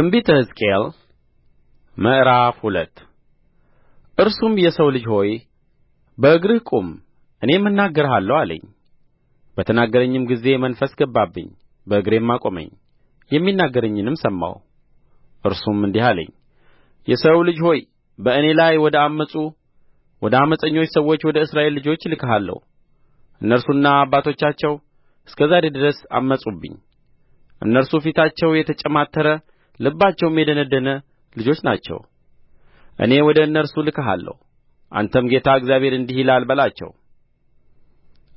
ትንቢተ ሕዝቅኤል ምዕራፍ ሁለት እርሱም የሰው ልጅ ሆይ በእግርህ ቁም እኔም እናገርሃለሁ አለኝ በተናገረኝም ጊዜ መንፈስ ገባብኝ በእግሬም አቆመኝ የሚናገረኝንም ሰማሁ እርሱም እንዲህ አለኝ የሰው ልጅ ሆይ በእኔ ላይ ወደ ዐመፁ ወደ ዓመፀኞች ሰዎች ወደ እስራኤል ልጆች እልክሃለሁ እነርሱና አባቶቻቸው እስከ ዛሬ ድረስ ዐመፁብኝ እነርሱ ፊታቸው የተጨማተረ ልባቸውም የደነደነ ልጆች ናቸው እኔ ወደ እነርሱ እልክሃለሁ አንተም ጌታ እግዚአብሔር እንዲህ ይላል በላቸው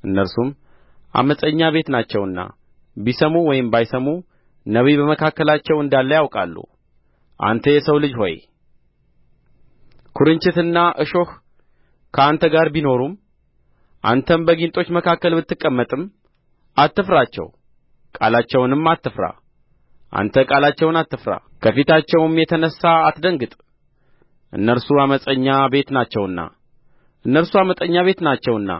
እነርሱም ዓመፀኛ ቤት ናቸውና ቢሰሙ ወይም ባይሰሙ ነቢይ በመካከላቸው እንዳለ ያውቃሉ አንተ የሰው ልጅ ሆይ ኵርንችትና እሾህ ከአንተ ጋር ቢኖሩም አንተም በጊንጦች መካከል ብትቀመጥም አትፍራቸው ቃላቸውንም አትፍራ አንተ ቃላቸውን አትፍራ ከፊታቸውም የተነሣ አትደንግጥ እነርሱ ዓመፀኛ ቤት ናቸውና እነርሱ ዓመፀኛ ቤት ናቸውና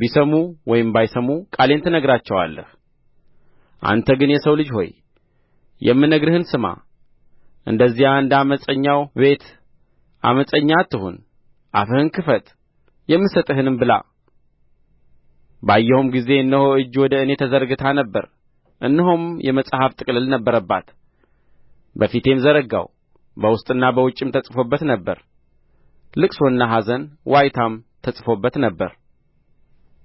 ቢሰሙ ወይም ባይሰሙ ቃሌን ትነግራቸዋለህ አንተ ግን የሰው ልጅ ሆይ የምነግርህን ስማ እንደዚያ እንደ ዓመፀኛው ቤት ዓመፀኛ አትሁን አፍህን ክፈት የምሰጥህንም ብላ ባየሁም ጊዜ እነሆ እጅ ወደ እኔ ተዘርግታ ነበር እነሆም የመጽሐፍ ጥቅልል ነበረባት በፊቴም ዘረጋው በውስጥና በውጭም ተጽፎበት ነበር ልቅሶና ኀዘን ዋይታም ተጽፎበት ነበር